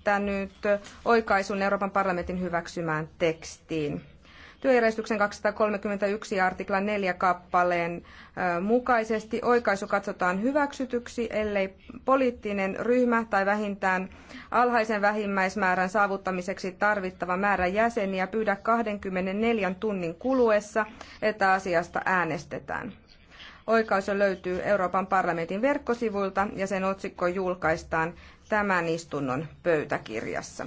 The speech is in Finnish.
esittänyt oikaisun Euroopan parlamentin hyväksymään tekstiin. Työjärjestyksen 231 artiklan 4 kappaleen mukaisesti oikaisu katsotaan hyväksytyksi, ellei poliittinen ryhmä tai vähintään alhaisen vähimmäismäärän saavuttamiseksi tarvittava määrä jäseniä pyydä 24 tunnin kuluessa, että asiasta äänestetään. Oikaisu löytyy Euroopan parlamentin verkkosivuilta ja sen otsikko julkaistaan tämän istunnon pöytäkirjassa.